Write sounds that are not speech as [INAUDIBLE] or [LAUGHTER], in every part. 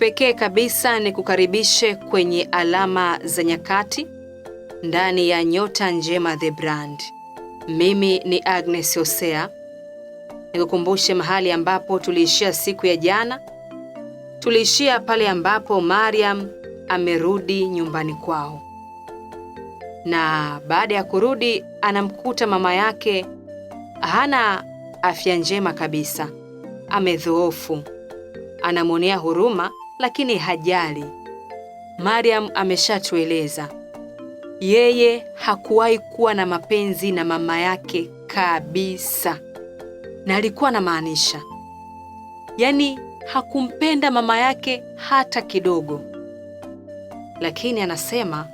kipekee kabisa ni kukaribishe kwenye Alama za Nyakati ndani ya Nyota Njema The Brand. Mimi ni Agnes Hosea, nikukumbushe mahali ambapo tuliishia siku ya jana. Tuliishia pale ambapo Mariam amerudi nyumbani kwao, na baada ya kurudi anamkuta mama yake hana afya njema kabisa, amedhoofu. Anamwonea huruma lakini hajali. Mariam ameshatueleza yeye hakuwahi kuwa na mapenzi na mama yake kabisa, na alikuwa na maanisha, yaani hakumpenda mama yake hata kidogo. Lakini anasema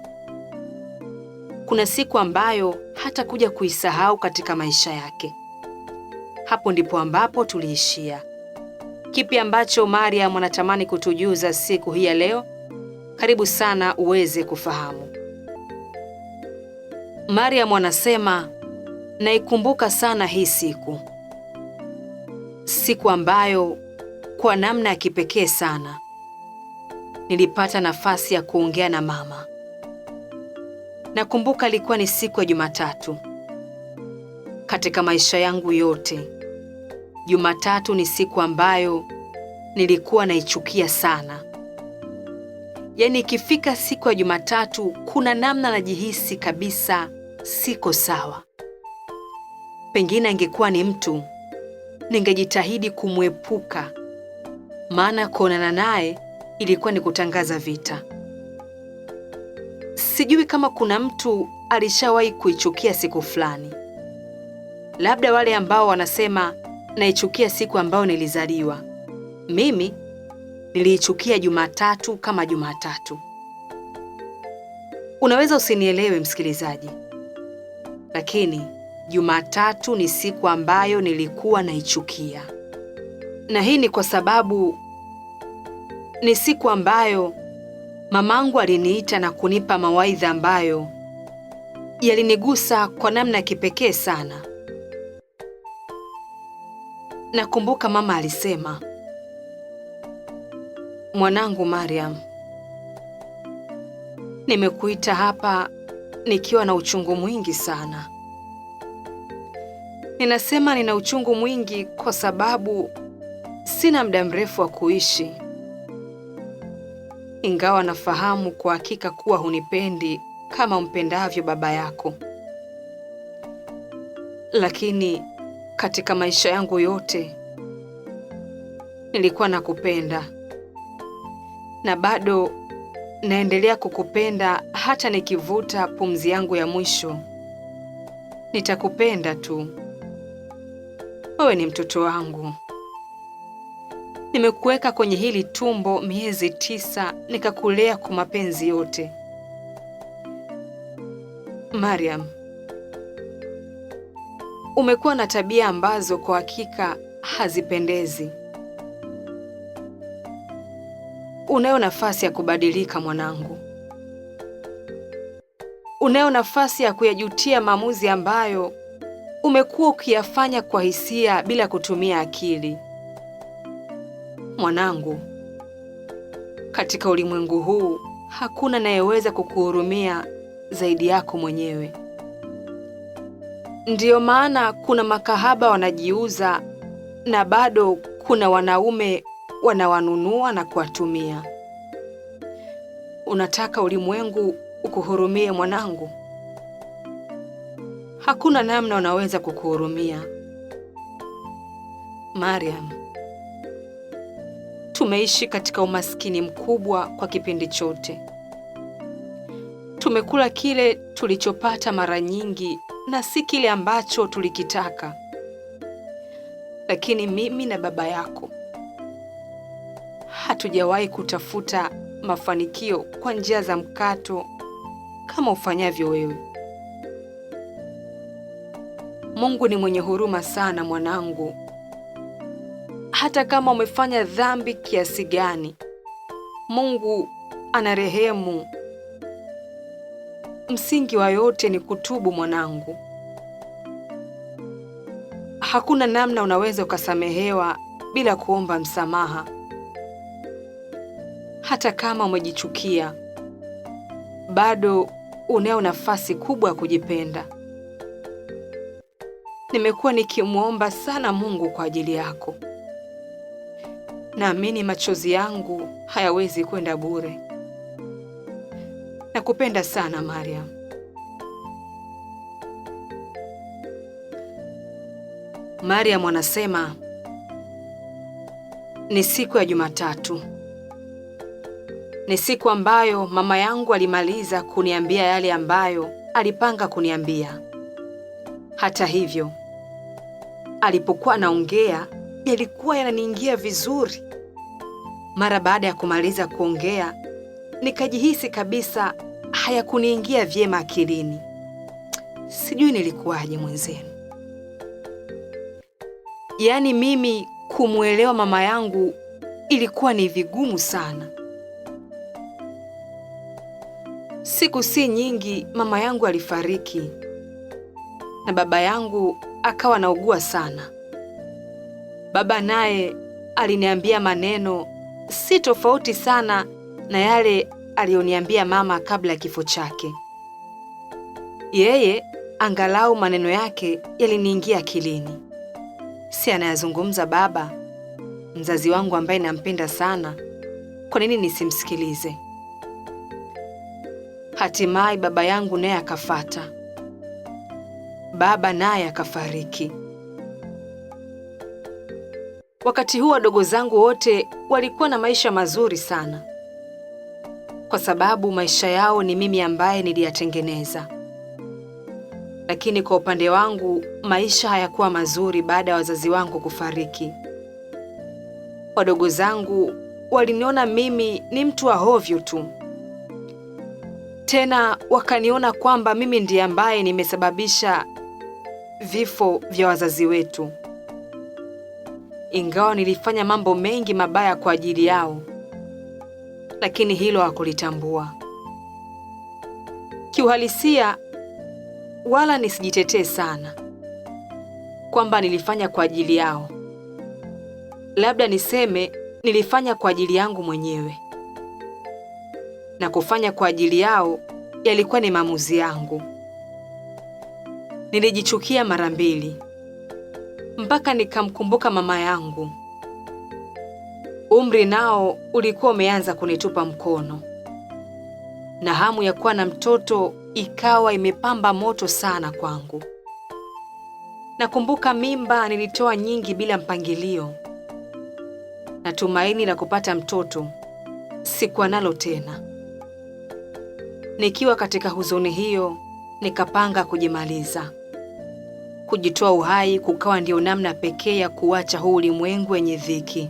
kuna siku ambayo hatakuja kuisahau katika maisha yake. Hapo ndipo ambapo tuliishia. Kipi ambacho Mariam anatamani kutujuza siku hii ya leo? Karibu sana uweze kufahamu. Mariam anasema, naikumbuka sana hii siku, siku ambayo kwa namna ya kipekee sana nilipata nafasi ya kuongea na mama. Nakumbuka ilikuwa ni siku ya Jumatatu. Katika maisha yangu yote Jumatatu ni siku ambayo nilikuwa naichukia sana. Yaani ikifika siku ya Jumatatu kuna namna najihisi kabisa siko sawa. Pengine angekuwa ni mtu ningejitahidi kumwepuka, maana kuonana naye ilikuwa ni kutangaza vita. Sijui kama kuna mtu alishawahi kuichukia siku fulani, labda wale ambao wanasema naichukia siku ambayo nilizaliwa. Mimi niliichukia Jumatatu kama Jumatatu. Unaweza usinielewe msikilizaji, lakini Jumatatu ni siku ambayo nilikuwa naichukia, na hii ni kwa sababu ni siku ambayo mamangu aliniita na kunipa mawaidha ambayo yalinigusa kwa namna ya kipekee sana. Nakumbuka mama alisema, mwanangu Mariam, nimekuita hapa nikiwa na uchungu mwingi sana. Ninasema nina uchungu mwingi kwa sababu sina muda mrefu wa kuishi, ingawa nafahamu kwa hakika kuwa hunipendi kama umpendavyo baba yako, lakini katika maisha yangu yote nilikuwa nakupenda na bado naendelea kukupenda. Hata nikivuta pumzi yangu ya mwisho, nitakupenda tu. Wewe ni mtoto wangu. Nimekuweka kwenye hili tumbo miezi tisa, nikakulea kwa mapenzi yote, Mariam umekuwa na tabia ambazo kwa hakika hazipendezi. Unayo nafasi ya kubadilika mwanangu, unayo nafasi ya kuyajutia maamuzi ambayo umekuwa ukiyafanya kwa hisia bila kutumia akili. Mwanangu, katika ulimwengu huu hakuna anayeweza kukuhurumia zaidi yako mwenyewe. Ndiyo maana kuna makahaba wanajiuza na bado kuna wanaume wanawanunua na kuwatumia. Unataka ulimwengu ukuhurumie mwanangu? Hakuna namna unaweza kukuhurumia Mariam. Tumeishi katika umaskini mkubwa kwa kipindi chote. Tumekula kile tulichopata mara nyingi na si kile ambacho tulikitaka, lakini mimi na baba yako hatujawahi kutafuta mafanikio kwa njia za mkato kama ufanyavyo wewe. Mungu ni mwenye huruma sana, mwanangu. Hata kama umefanya dhambi kiasi gani, Mungu ana rehemu Msingi wa yote ni kutubu mwanangu. Hakuna namna unaweza ukasamehewa bila kuomba msamaha. Hata kama umejichukia, bado unayo nafasi kubwa ya kujipenda. Nimekuwa nikimwomba sana Mungu kwa ajili yako. Naamini machozi yangu hayawezi kwenda bure. Nakupenda sana Maria. Mariam anasema ni siku ya Jumatatu, ni siku ambayo mama yangu alimaliza kuniambia yale ambayo alipanga kuniambia. Hata hivyo, alipokuwa anaongea yalikuwa yananiingia vizuri. Mara baada ya kumaliza kuongea nikajihisi kabisa hayakuniingia vyema akilini. Sijui nilikuwaje mwenzenu. Yaani mimi kumwelewa mama yangu ilikuwa ni vigumu sana. Siku si nyingi mama yangu alifariki na baba yangu akawa naugua sana. Baba naye aliniambia maneno si tofauti sana na yale aliyoniambia mama kabla ya kifo chake. Yeye angalau maneno yake yaliniingia akilini, si anayazungumza baba mzazi wangu ambaye nampenda sana. Kwa nini nisimsikilize? Hatimaye baba yangu naye akafata, baba naye akafariki. Wakati huu wadogo zangu wote walikuwa na maisha mazuri sana kwa sababu maisha yao ni mimi ambaye niliyatengeneza. Lakini kwa upande wangu maisha hayakuwa mazuri baada ya wazazi wangu kufariki. Wadogo zangu waliniona mimi ni mtu wa hovyo tu, tena wakaniona kwamba mimi ndiye ambaye nimesababisha vifo vya wazazi wetu. Ingawa nilifanya mambo mengi mabaya kwa ajili yao lakini hilo hakulitambua kiuhalisia. Wala nisijitetee sana kwamba nilifanya kwa ajili yao, labda niseme nilifanya kwa ajili yangu mwenyewe, na kufanya kwa ajili yao yalikuwa ni maamuzi yangu. Nilijichukia mara mbili mpaka nikamkumbuka mama yangu. Umri nao ulikuwa umeanza kunitupa mkono, na hamu ya kuwa na mtoto ikawa imepamba moto sana kwangu. Nakumbuka mimba nilitoa nyingi bila mpangilio, na tumaini la kupata mtoto sikuwa nalo tena. Nikiwa katika huzuni hiyo, nikapanga kujimaliza. Kujitoa uhai kukawa ndio namna pekee ya kuacha huu ulimwengu wenye dhiki.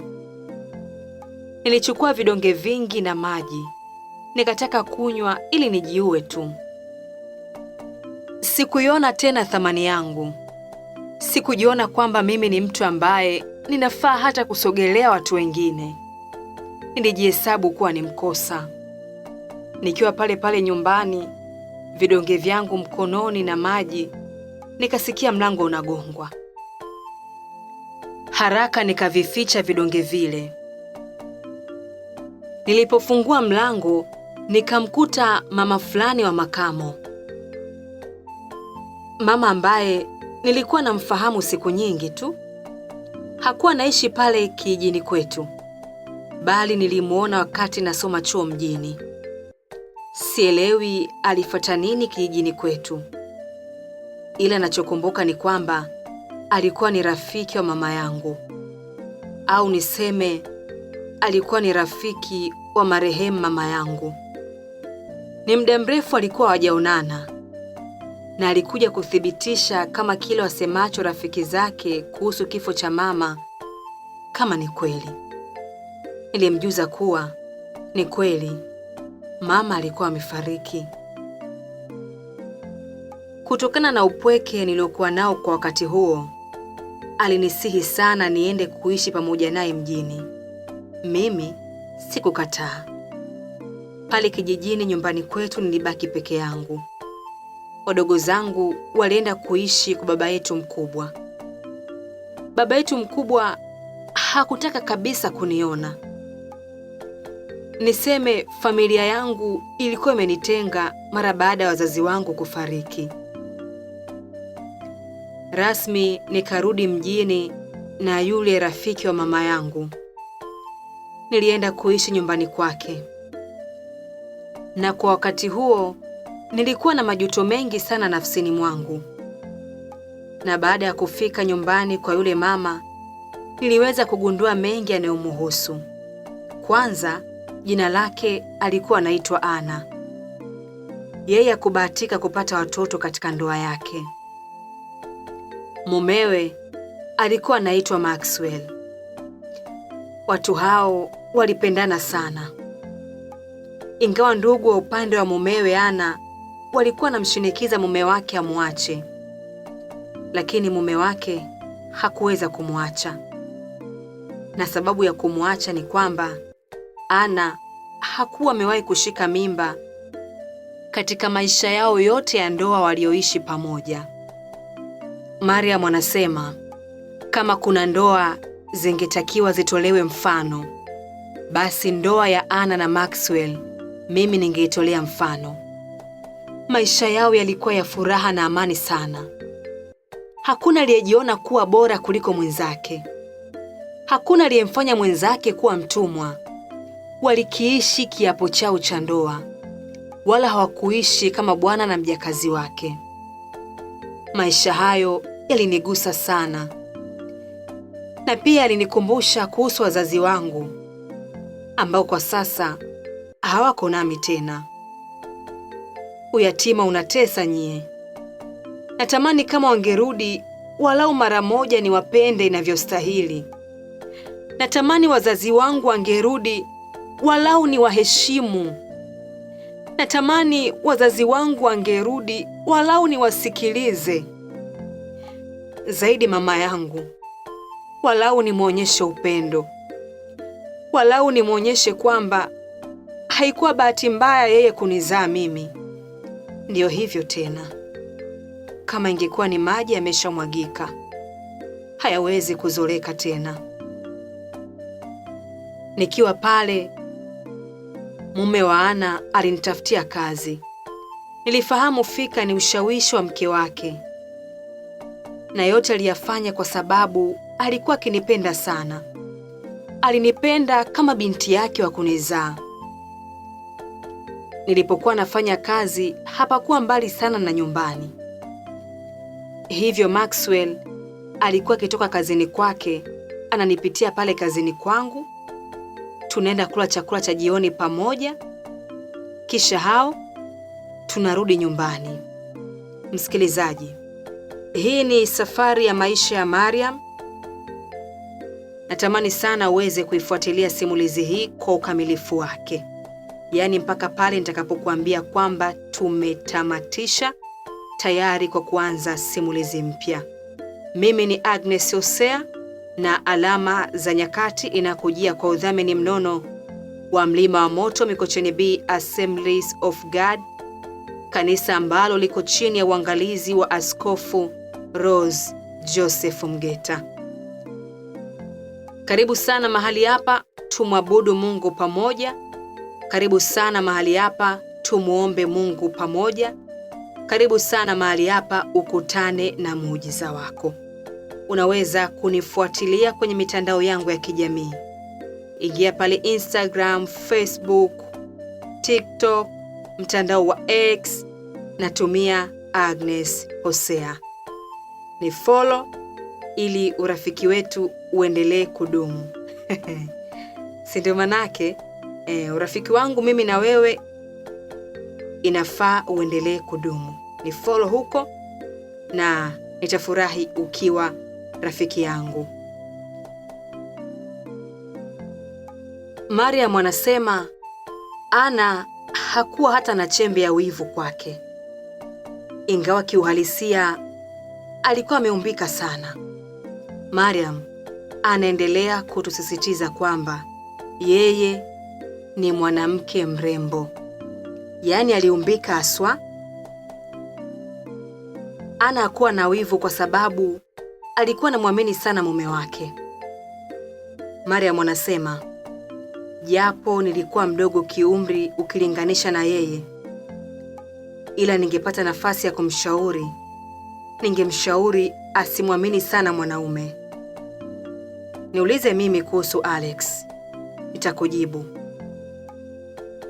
Nilichukua vidonge vingi na maji, nikataka kunywa ili nijiue tu. Sikuiona tena thamani yangu, sikujiona kwamba mimi ni mtu ambaye ninafaa hata kusogelea watu wengine. Nilijihesabu kuwa ni mkosa. Nikiwa pale pale nyumbani, vidonge vyangu mkononi na maji, nikasikia mlango unagongwa. Haraka nikavificha vidonge vile. Nilipofungua mlango nikamkuta mama fulani wa makamo, mama ambaye nilikuwa namfahamu siku nyingi tu. Hakuwa naishi pale kijijini kwetu, bali nilimwona wakati nasoma chuo mjini. Sielewi alifuata nini kijijini kwetu, ila nachokumbuka ni kwamba alikuwa ni rafiki wa mama yangu, au niseme alikuwa ni rafiki wa marehemu mama yangu. Ni muda mrefu alikuwa hawajaonana, na alikuja kuthibitisha kama kile wasemacho rafiki zake kuhusu kifo cha mama kama ni kweli. Nilimjuza kuwa ni kweli mama alikuwa amefariki. Kutokana na upweke niliokuwa nao kwa wakati huo, alinisihi sana niende kuishi pamoja naye mjini. Mimi sikukataa. Pale kijijini nyumbani kwetu nilibaki peke yangu. Wadogo zangu walienda kuishi kwa baba yetu mkubwa. Baba yetu mkubwa hakutaka kabisa kuniona. Niseme familia yangu ilikuwa imenitenga mara baada ya wazazi wangu kufariki. Rasmi nikarudi mjini na yule rafiki wa mama yangu nilienda kuishi nyumbani kwake, na kwa wakati huo nilikuwa na majuto mengi sana nafsini mwangu. Na baada ya kufika nyumbani kwa yule mama, niliweza kugundua mengi yanayomhusu. Kwanza, jina lake alikuwa anaitwa Ana. Yeye hakubahatika kupata watoto katika ndoa yake. Mumewe alikuwa anaitwa Maxwell. Watu hao walipendana sana, ingawa ndugu wa upande wa mumewe Ana walikuwa anamshinikiza mume wake amwache, lakini mume wake hakuweza kumwacha, na sababu ya kumwacha ni kwamba Ana hakuwa amewahi kushika mimba katika maisha yao yote ya ndoa walioishi pamoja. Mariam anasema kama kuna ndoa zingetakiwa zitolewe mfano, basi ndoa ya Anna na Maxwell mimi ningeitolea mfano. Maisha yao yalikuwa ya furaha na amani sana. Hakuna aliyejiona kuwa bora kuliko mwenzake, hakuna aliyemfanya mwenzake kuwa mtumwa. Walikiishi kiapo chao cha ndoa, wala hawakuishi kama bwana na mjakazi wake. Maisha hayo yalinigusa sana na pia alinikumbusha kuhusu wazazi wangu ambao kwa sasa hawako nami tena. Uyatima unatesa nyie. Natamani kama wangerudi walau mara moja niwapende inavyostahili. Natamani wazazi wangu wangerudi walau ni waheshimu. Natamani wazazi wangu wangerudi walau niwasikilize zaidi mama yangu walau nimwonyeshe upendo, walau nimwonyeshe kwamba haikuwa bahati mbaya yeye kunizaa mimi. Ndiyo hivyo tena, kama ingekuwa ni maji yameshamwagika, hayawezi kuzoleka tena. Nikiwa pale, mume wa Ana alinitafutia kazi. Nilifahamu fika ni ushawishi wa mke wake, na yote aliyafanya kwa sababu alikuwa akinipenda sana, alinipenda kama binti yake wa kunizaa. Nilipokuwa nafanya kazi, hapakuwa mbali sana na nyumbani, hivyo Maxwell alikuwa akitoka kazini kwake ananipitia pale kazini kwangu, tunaenda kula chakula cha jioni pamoja, kisha hao tunarudi nyumbani. Msikilizaji, hii ni safari ya maisha ya Mariam Natamani sana uweze kuifuatilia simulizi hii kwa ukamilifu wake, yaani mpaka pale nitakapokuambia kwamba tumetamatisha tayari kwa kuanza simulizi mpya. Mimi ni Agnes Hosea na Alama za Nyakati inakujia kwa udhamini mnono wa Mlima wa Moto Mikocheni B Assemblies of God, kanisa ambalo liko chini ya uangalizi wa Askofu Rose Joseph Mgeta. Karibu sana mahali hapa tumwabudu Mungu pamoja. Karibu sana mahali hapa tumuombe Mungu pamoja. Karibu sana mahali hapa ukutane na muujiza wako. Unaweza kunifuatilia kwenye mitandao yangu ya kijamii. Ingia pale Instagram, Facebook, TikTok, mtandao wa X natumia Agnes Hosea. Ni follow ili urafiki wetu uendelee kudumu [LAUGHS] si ndio? Manake e, urafiki wangu mimi na wewe inafaa uendelee kudumu. Ni follow huko na nitafurahi ukiwa rafiki yangu. Mariam anasema Ana hakuwa hata na chembe ya wivu kwake, ingawa kiuhalisia alikuwa ameumbika sana. Mariam anaendelea kutusisitiza kwamba yeye ni mwanamke mrembo, yaani aliumbika haswa. Ana hakuwa na wivu kwa sababu alikuwa anamwamini sana mume wake. Mariam anasema, japo nilikuwa mdogo kiumri ukilinganisha na yeye, ila ningepata nafasi ya kumshauri, ningemshauri asimwamini sana mwanaume. Niulize mimi kuhusu Alex, nitakujibu.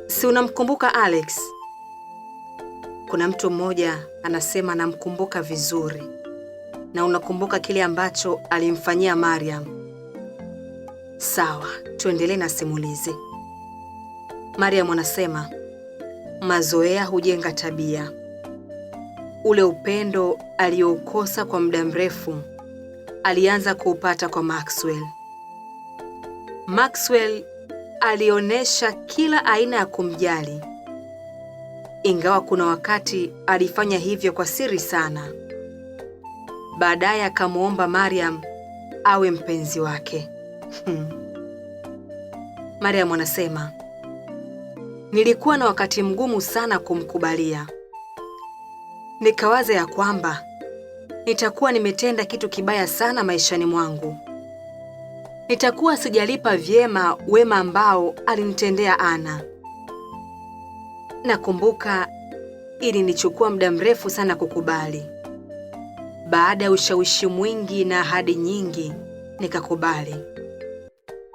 Si unamkumbuka Alex? Kuna mtu mmoja anasema anamkumbuka vizuri, na unakumbuka kile ambacho alimfanyia Mariam. Sawa, tuendelee na simulizi. Mariam anasema mazoea hujenga tabia. Ule upendo aliyoukosa kwa muda mrefu alianza kuupata kwa Maxwell. Maxwell alionyesha kila aina ya kumjali, ingawa kuna wakati alifanya hivyo kwa siri sana. Baadaye akamwomba Mariam awe mpenzi wake. Hmm. Mariam anasema, nilikuwa na wakati mgumu sana kumkubalia. Nikawaza ya kwamba nitakuwa nimetenda kitu kibaya sana maishani mwangu. Nitakuwa sijalipa vyema wema ambao alinitendea Ana. Nakumbuka ilinichukua muda mrefu sana kukubali. Baada ya ushawishi mwingi na ahadi nyingi, nikakubali,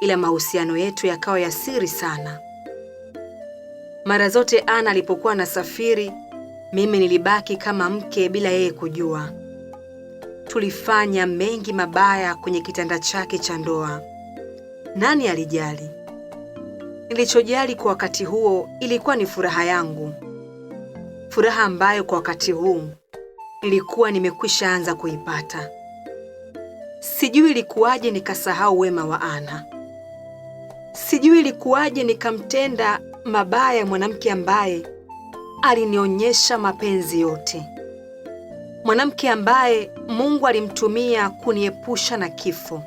ila mahusiano yetu yakawa ya siri sana. Mara zote Ana alipokuwa anasafiri, mimi nilibaki kama mke bila yeye kujua tulifanya mengi mabaya kwenye kitanda chake cha ndoa. Nani alijali? Nilichojali kwa wakati huo ilikuwa ni furaha yangu, furaha ambayo kwa wakati huu nilikuwa nimekwisha anza kuipata. Sijui ilikuwaje nikasahau wema wa Ana. Sijui ilikuwaje nikamtenda mabaya mwanamke ambaye alinionyesha mapenzi yote mwanamke ambaye Mungu alimtumia kuniepusha na kifo.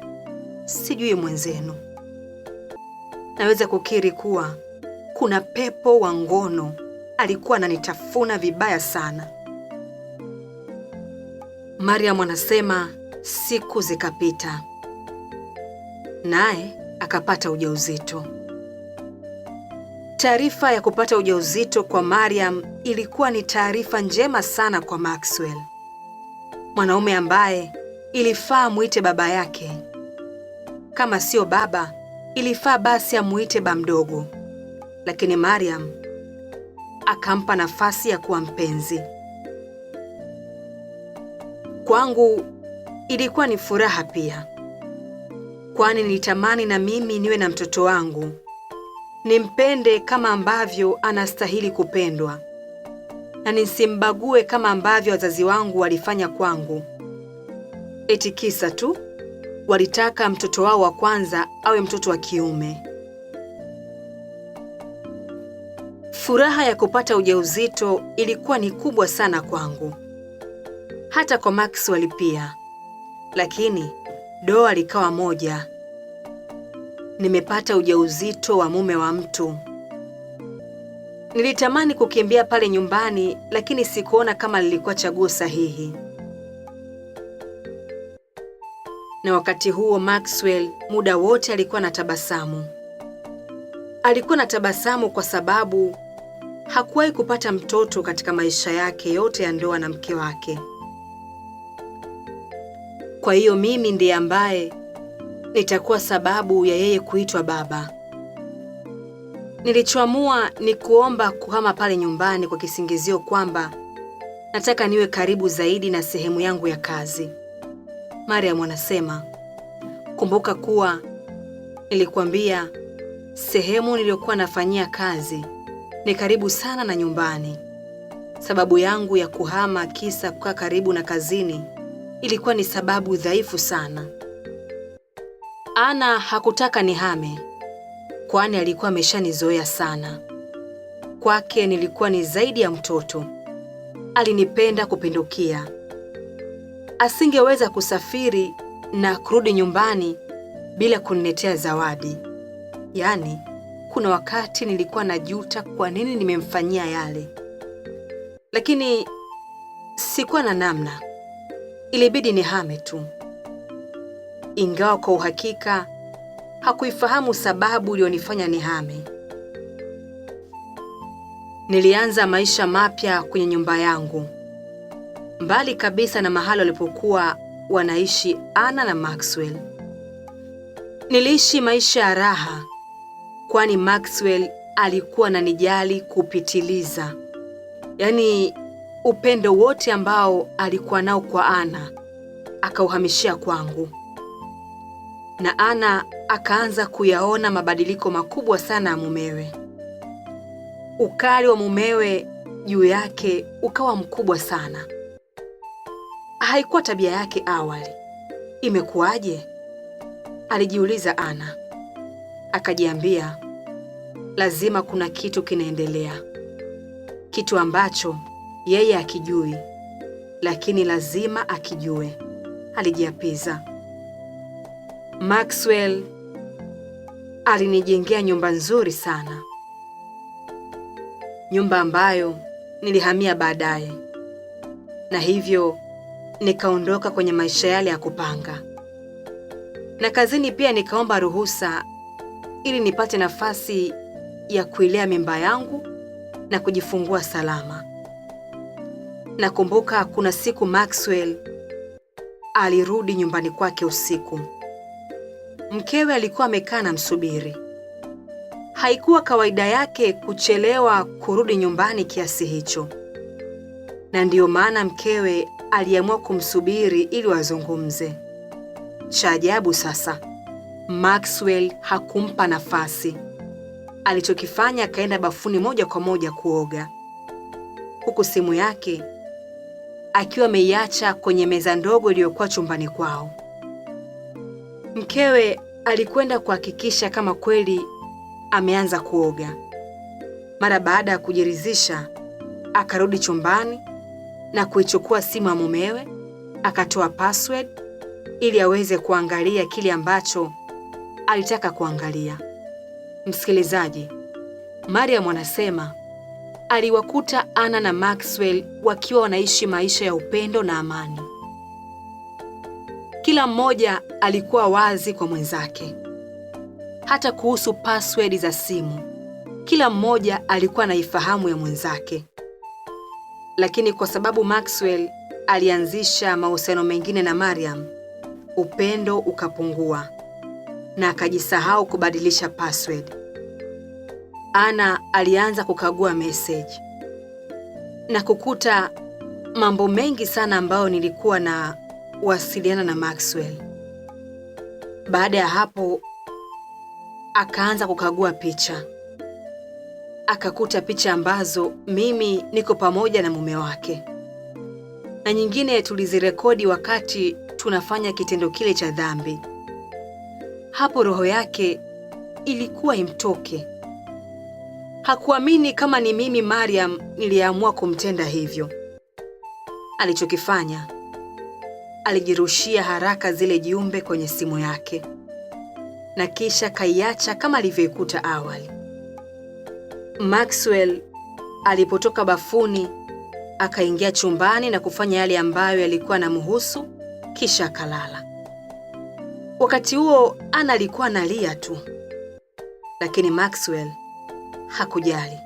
Sijui mwenzenu, naweza kukiri kuwa kuna pepo wa ngono alikuwa ananitafuna vibaya sana. Mariam anasema siku zikapita, naye akapata ujauzito. Taarifa ya kupata ujauzito kwa Mariam ilikuwa ni taarifa njema sana kwa Maxwell mwanaume ambaye ilifaa mwite baba yake, kama sio baba ilifaa basi amuite ba mdogo, lakini Mariam akampa nafasi ya kuwa mpenzi. Kwangu ilikuwa ni furaha pia, kwani nilitamani na mimi niwe na mtoto wangu, nimpende kama ambavyo anastahili kupendwa na nisimbague kama ambavyo wazazi wangu walifanya kwangu, eti kisa tu walitaka mtoto wao wa kwanza awe mtoto wa kiume. Furaha ya kupata ujauzito ilikuwa ni kubwa sana kwangu, hata kwa Maxwell pia, lakini doa likawa moja. Nimepata ujauzito wa mume wa mtu. Nilitamani kukimbia pale nyumbani, lakini sikuona kama lilikuwa chaguo sahihi. Na wakati huo Maxwell muda wote alikuwa na tabasamu. Alikuwa na tabasamu kwa sababu hakuwahi kupata mtoto katika maisha yake yote ya ndoa na mke wake. Kwa hiyo mimi ndiye ambaye nitakuwa sababu ya yeye kuitwa baba. Nilichoamua ni kuomba kuhama pale nyumbani kwa kisingizio kwamba nataka niwe karibu zaidi na sehemu yangu ya kazi. Mariam anasema, kumbuka kuwa nilikuambia sehemu niliyokuwa nafanyia kazi ni karibu sana na nyumbani. Sababu yangu ya kuhama kisa kukaa karibu na kazini ilikuwa ni sababu dhaifu sana. Ana hakutaka nihame kwani alikuwa ameshanizoea sana. Kwake nilikuwa ni zaidi ya mtoto, alinipenda kupindukia. Asingeweza kusafiri na kurudi nyumbani bila kuniletea zawadi. Yaani, kuna wakati nilikuwa najuta kwa nini nimemfanyia yale, lakini sikuwa na namna, ilibidi nihame tu, ingawa kwa uhakika hakuifahamu sababu iliyonifanya nihame. Nilianza maisha mapya kwenye nyumba yangu, mbali kabisa na mahali walipokuwa wanaishi Anna na Maxwell. Niliishi maisha ya raha, kwani Maxwell alikuwa ananijali kupitiliza, yaani upendo wote ambao alikuwa nao kwa Anna akauhamishia kwangu na Ana akaanza kuyaona mabadiliko makubwa sana ya mumewe. Ukali wa mumewe juu yake ukawa mkubwa sana. Haikuwa tabia yake awali. Imekuwaje? alijiuliza Ana. Akajiambia lazima kuna kitu kinaendelea, kitu ambacho yeye akijui, lakini lazima akijue. Alijiapiza. Maxwell alinijengea nyumba nzuri sana, nyumba ambayo nilihamia baadaye, na hivyo nikaondoka kwenye maisha yale ya kupanga, na kazini pia nikaomba ruhusa ili nipate nafasi ya kuilea mimba yangu na kujifungua salama. Nakumbuka kuna siku Maxwell alirudi nyumbani kwake usiku Mkewe alikuwa amekaa na msubiri. Haikuwa kawaida yake kuchelewa kurudi nyumbani kiasi hicho, na ndiyo maana mkewe aliamua kumsubiri ili wazungumze. Cha ajabu sasa, Maxwell hakumpa nafasi. Alichokifanya, akaenda bafuni moja kwa moja kuoga, huku simu yake akiwa ameiacha kwenye meza ndogo iliyokuwa chumbani kwao. Mkewe alikwenda kuhakikisha kama kweli ameanza kuoga. Mara baada ya kujiridhisha, akarudi chumbani na kuichukua simu ya mumewe, akatoa password ili aweze kuangalia kile ambacho alitaka kuangalia. Msikilizaji, Mariam anasema aliwakuta Anna na Maxwell wakiwa wanaishi maisha ya upendo na amani. Kila mmoja alikuwa wazi kwa mwenzake, hata kuhusu password za simu. Kila mmoja alikuwa na ifahamu ya mwenzake, lakini kwa sababu Maxwell alianzisha mahusiano mengine na Mariam, upendo ukapungua na akajisahau kubadilisha password. Ana alianza kukagua message na kukuta mambo mengi sana ambayo nilikuwa na wasiliana na Maxwell. Baada ya hapo akaanza kukagua picha, akakuta picha ambazo mimi niko pamoja na mume wake na nyingine tulizirekodi wakati tunafanya kitendo kile cha dhambi. Hapo roho yake ilikuwa imtoke, hakuamini kama ni mimi Mariam niliyeamua kumtenda hivyo. Alichokifanya alijirushia haraka zile jumbe kwenye simu yake na kisha kaiacha kama alivyoikuta awali. Maxwell alipotoka bafuni akaingia chumbani na kufanya yale ambayo yalikuwa yanamhusu, kisha akalala. Wakati huo Ana alikuwa analia tu, lakini Maxwell hakujali.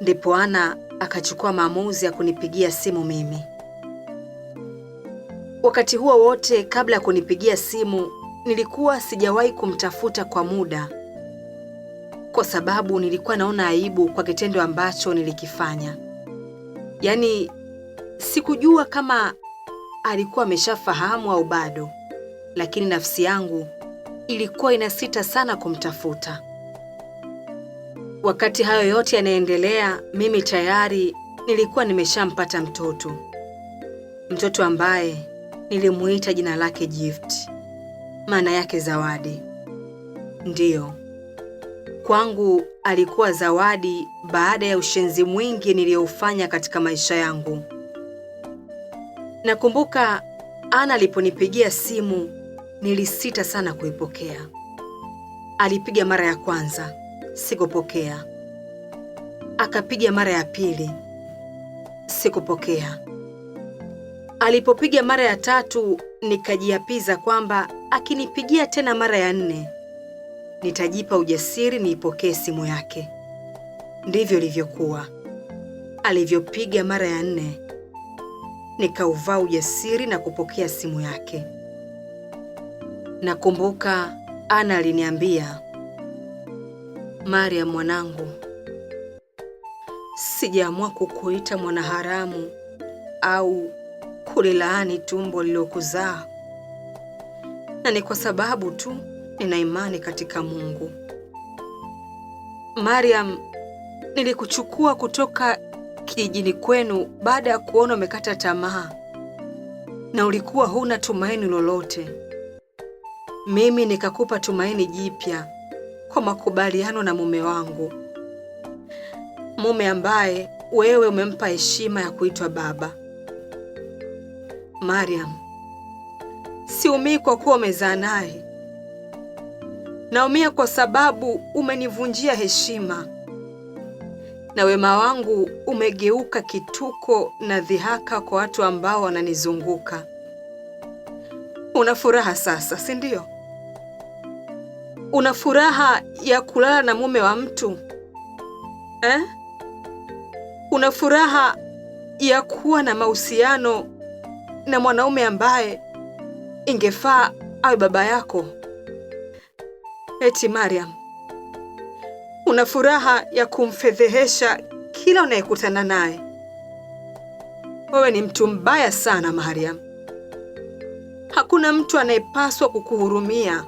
Ndipo Ana akachukua maamuzi ya kunipigia simu mimi. Wakati huo wote kabla ya kunipigia simu, nilikuwa sijawahi kumtafuta kwa muda, kwa sababu nilikuwa naona aibu kwa kitendo ambacho nilikifanya. Yaani sikujua kama alikuwa ameshafahamu au bado, lakini nafsi yangu ilikuwa inasita sana kumtafuta. Wakati hayo yote yanaendelea, mimi tayari nilikuwa nimeshampata mtoto, mtoto ambaye nilimuita jina lake Gift, maana yake zawadi. Ndiyo, kwangu alikuwa zawadi baada ya ushenzi mwingi niliyoufanya katika maisha yangu. Nakumbuka Ana aliponipigia simu, nilisita sana kuipokea. Alipiga mara ya kwanza, sikupokea. Akapiga mara ya pili, sikupokea. Alipopiga mara ya tatu, nikajiapiza kwamba akinipigia tena mara ya nne nitajipa ujasiri niipokee simu yake. Ndivyo ilivyokuwa. Alivyopiga mara ya nne, nikauvaa ujasiri na kupokea simu yake. Nakumbuka Ana aliniambia, Mariam mwanangu, sijaamua kukuita mwanaharamu au kulilaani tumbo lililokuzaa, na ni kwa sababu tu nina imani katika Mungu. Mariam, nilikuchukua kutoka kijijini kwenu baada ya kuona umekata tamaa na ulikuwa huna tumaini lolote. Mimi nikakupa tumaini jipya kwa makubaliano na mume wangu, mume ambaye wewe umempa heshima ya kuitwa baba. Mariam, siumii kwa kuwa umezaa naye, naumia kwa sababu umenivunjia heshima na wema wangu umegeuka kituko na dhihaka kwa watu ambao wananizunguka. Una furaha sasa, si ndio? Una furaha ya kulala na mume wa mtu eh? Una furaha ya kuwa na mahusiano na mwanaume ambaye ingefaa awe baba yako. Eti Mariam, una furaha ya kumfedhehesha kila unayekutana naye. Wewe ni mtu mbaya sana Mariam. Hakuna mtu anayepaswa kukuhurumia.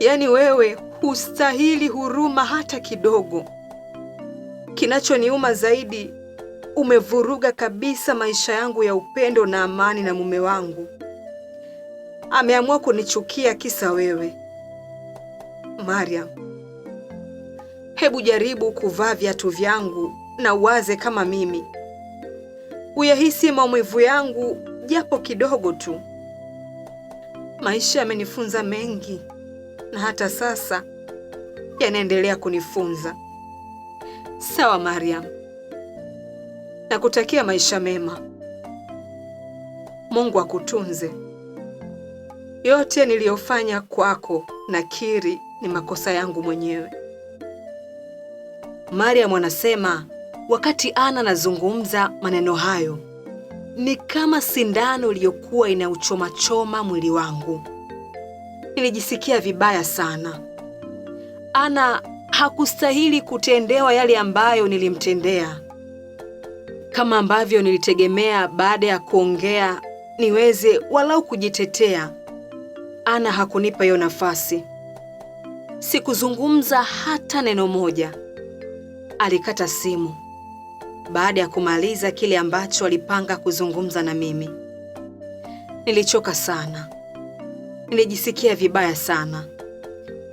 Yaani wewe hustahili huruma hata kidogo. Kinachoniuma zaidi umevuruga kabisa maisha yangu ya upendo na amani na mume wangu. Ameamua kunichukia kisa wewe. Mariam, hebu jaribu kuvaa viatu vyangu na uwaze kama mimi, uyahisi maumivu yangu japo kidogo tu. Maisha yamenifunza mengi na hata sasa yanaendelea kunifunza. Sawa Mariam na kutakia maisha mema. Mungu akutunze. Yote niliyofanya kwako nakiri ni makosa yangu mwenyewe. Mariam anasema wakati Ana anazungumza maneno hayo, ni kama sindano iliyokuwa inauchomachoma mwili wangu. Nilijisikia vibaya sana. Ana hakustahili kutendewa yale ambayo nilimtendea kama ambavyo nilitegemea baada ya kuongea niweze walau kujitetea. Ana hakunipa hiyo nafasi. Sikuzungumza hata neno moja. Alikata simu baada ya kumaliza kile ambacho alipanga kuzungumza na mimi. Nilichoka sana, nilijisikia vibaya sana,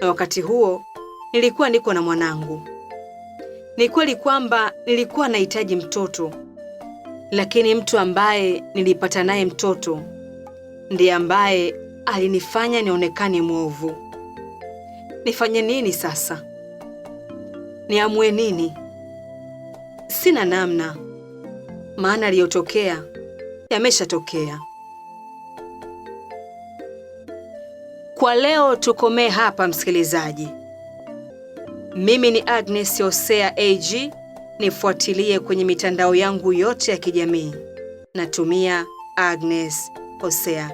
na wakati huo nilikuwa niko na mwanangu. Ni kweli kwamba nilikuwa nahitaji mtoto lakini mtu ambaye nilipata naye mtoto ndiye ambaye alinifanya nionekane mwovu. Nifanye nini sasa? Niamue nini? Sina namna, maana yaliyotokea yameshatokea. Kwa leo tukomee hapa, msikilizaji. Mimi ni Agnes Hosea AG nifuatilie kwenye mitandao yangu yote ya kijamii. Natumia Agnes Hosea.